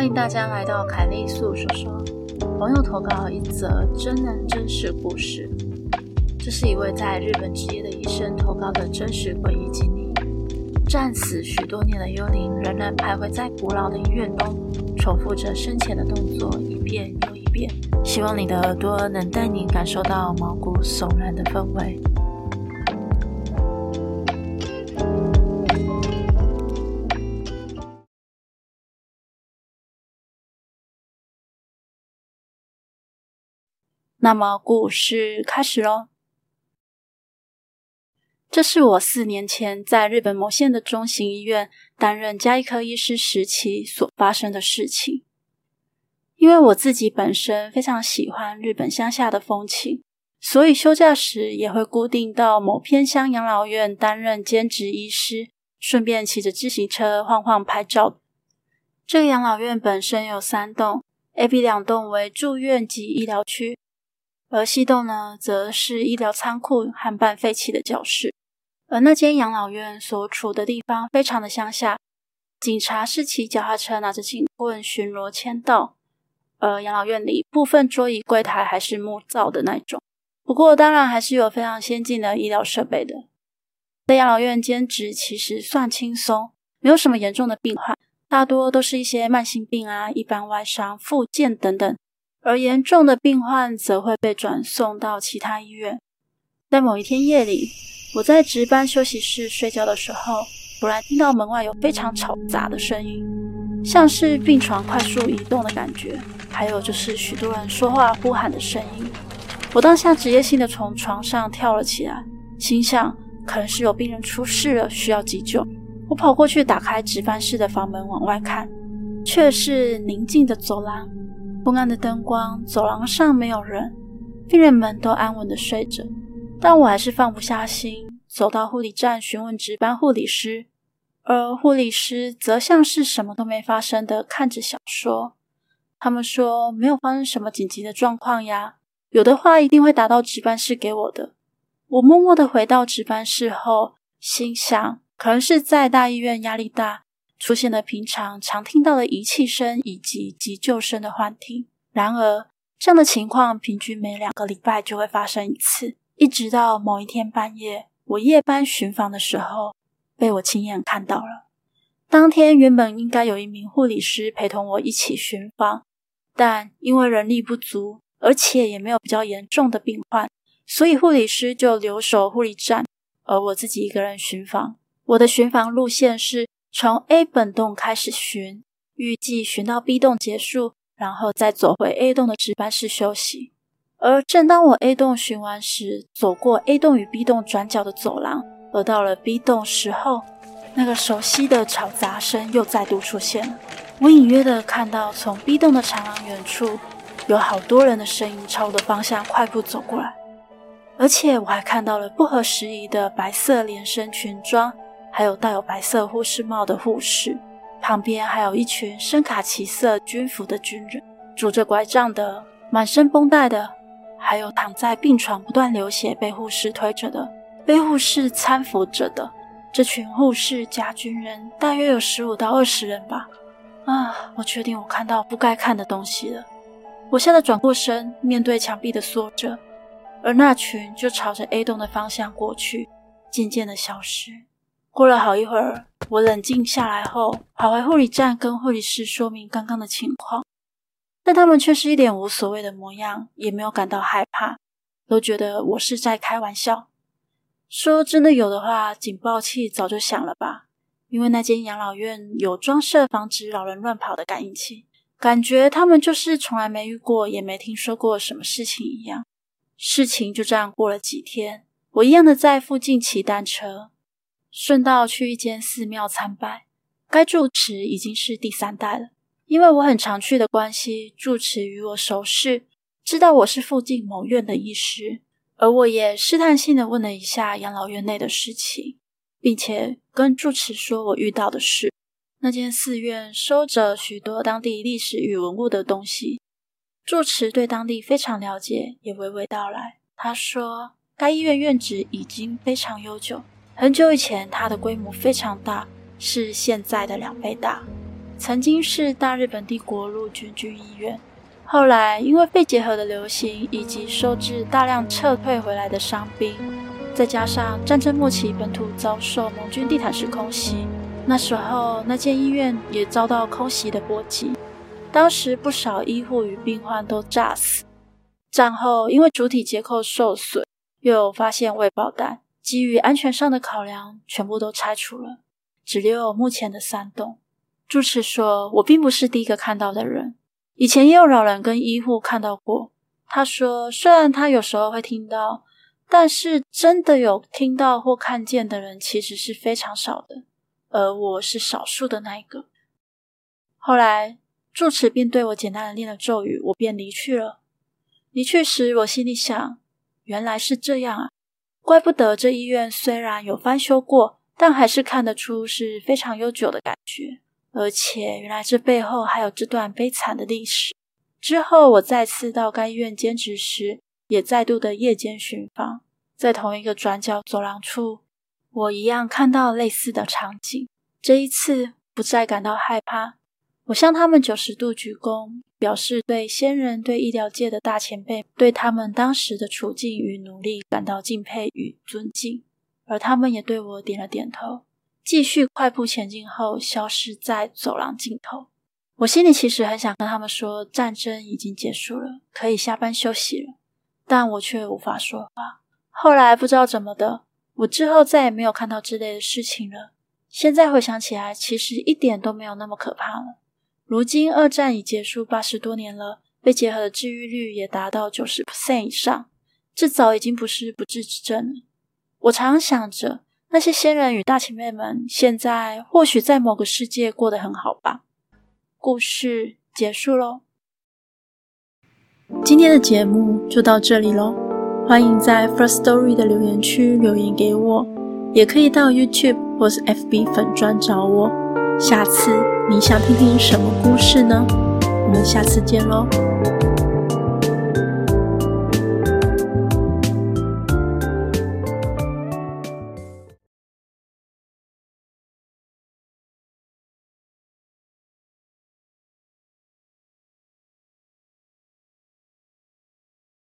歡迎大家來到凱莉粟說說，網友投稿一則真人真事故事。這是一位在日本執業的醫生投稿的真實詭異經歷：戰死許多年的幽靈仍然徘徊在古老的醫院中，重複着生前的動作一遍又一遍。希望你的耳朵能帶你感受到毛骨悚然的氛圍。那麼故事開始咯。這是我四年前在日本某縣的中型醫院擔任家醫科醫師時期所發生的事情。因為我自己本身非常喜歡日本鄉下的風情，所以休假時也會固定到某偏鄉養老院擔任兼職醫師，順便騎着自行車晃晃拍照。這個養老院本身有三棟，A、B 兩棟為住院及醫療區。而西棟呢，則是醫療倉庫和半廢棄的教室，而那間養老院所處的地方非常的鄉下，警察是騎腳踏車，拿着警棍巡邏簽到。而養老院裡部分桌椅、櫃檯還是木造的那種，不過當然還是有非常先進的醫療設備的。在養老院兼職其實算輕鬆，沒有什麼嚴重的病患，大多都是一些慢性病啊、一般外傷、復健等等。而嚴重的病患則會被轉送到其他醫院。在某一天夜裡，我在值班休息室睡覺的時候，忽然聽到門外有非常嘈雜的聲音，像是病床快速移動的感覺，還有就是許多人說話呼喊的聲音。我當下職業性的從床上跳了起來，心想可能是有病人出事了需要急救。我跑過去打開值班室的房門往外看，卻是寧靜的走廊。昏暗的燈光，走廊上沒有人，病人們都安穩的睡着，但我還是放不下心，走到護理站詢問值班護理師，而護理師則像是什麼都沒發生的看着小說。他們說，沒有發生什麼緊急的狀況呀，有的話一定會打到值班室給我的。我默默的回到值班室後，心想可能是在大醫院壓力大。出現了平常常聽到的儀器聲以及急救聲的幻聽。然而，這樣的情況平均每兩個禮拜就會發生一次。一直到某一天半夜，我夜班巡房的時候，被我親眼看到了。當天原本應該有一名護理師陪同我一起巡房，但因為人力不足，而且也沒有比較嚴重的病患，所以護理師就留守護理站，而我自己一個人巡房。我的巡房路線是，從 A 本棟開始巡，預計巡到 B 棟結束，然後再走回 A 棟的值班室休息。而正當我 A 棟巡完時，走過 A 棟與 B 棟轉角的走廊，而到了 B 棟時候，那個熟悉的吵雜聲又再度出現了。我隱約的看到，從 B 棟的長廊遠處，有好多人的身影朝我的方向快步走過來，而且我還看到了不合時宜的白色連身裙裝。還有戴有白色護士帽的護士，旁邊還有一群深卡其色軍服的軍人，拄着拐杖的，滿身繃帶的，還有躺在病床不斷流血被護士推着的，被護士攙扶着的。這群護士加軍人大約有十五到二十人吧。啊！我確定我看到不該看的東西了，我現在轉過身，面對牆壁的縮着，而那群就朝着 A 棟的方向過去，漸漸的消失。過了好一會兒，我冷靜下來後，跑回護理站跟護理師說明剛剛的情況，但他們卻是一點無所謂的模樣，也沒有感到害怕，都覺得我是在開玩笑。說真的有的話，警報器早就響了吧？因為那間養老院有裝設防止老人亂跑的感應器，感覺他們就是從來沒遇過，也沒聽說過什麼事情一樣。事情就這樣過了幾天，我一樣的在附近騎單車。順道去一間寺廟參拜，該住持已經是第三代了。因為我很常去的關係，住持與我熟識，知道我是附近某院的醫師，而我也試探性地問了一下養老院內的事情，並且跟住持說我遇到的事。那間寺院收着許多當地歷史與文物的東西，住持對當地非常了解，也娓娓道來。他說，該醫院院址已經非常悠久。很久以前，它的規模非常大，是現在的兩倍大。曾經是大日本帝國陸軍軍醫院，後來因為肺結核的流行以及收治大量撤退回來的傷兵，再加上戰爭末期本土遭受盟軍地毯式空襲，那時候那間醫院也遭到空襲的波及，當時不少醫護與病患都炸死。戰後因為主體結構受損，又發現未爆彈。基於安全上的考量，全部都拆除了，只留有目前的三棟。住持說：“我並不是第一個看到的人，以前也有老人跟醫護看到過。”他說：“雖然他有時候會聽到，但是真的有聽到或看見的人其實是非常少的，而我是少數的那一個。”後來住持便對我簡單地念了咒語，我便離去了。離去時，我心裡想：“原來是這樣啊。”怪不得這醫院雖然有翻修過，但還是看得出是非常悠久的感覺。而且原來這背後還有這段悲慘的歷史。之後我再次到該醫院兼職時，也再度的夜間巡房，在同一個轉角走廊處，我一樣看到類似的場景。這一次不再感到害怕。我向他們九十度鞠躬，表示對先人、對醫療界的大前輩、對他們當時的處境與努力感到敬佩與尊敬，而他們也對我點了點頭，繼續快步前進後消失在走廊盡頭。我心裡其實很想跟他們說，戰爭已經結束了，可以下班休息了，但我卻無法說話。後來不知道怎麼的，我之後再也沒有看到這類的事情了。現在回想起來，其實一點都沒有那麼可怕了。如今二戰已結束八十多年了，肺結核的治癒率也達到九十%以上，這早已經不是不治之症了。我常想着，那些先人與大前輩們，現在或許在某個世界過得很好吧。故事結束嘍，今天的節目就到這裡嘍，歡迎在 First Story 的留言區留言給我，也可以到 YouTube 或是 FB 粉專找我。下次。你想聽聽什麼故事呢？我們下次見嘍。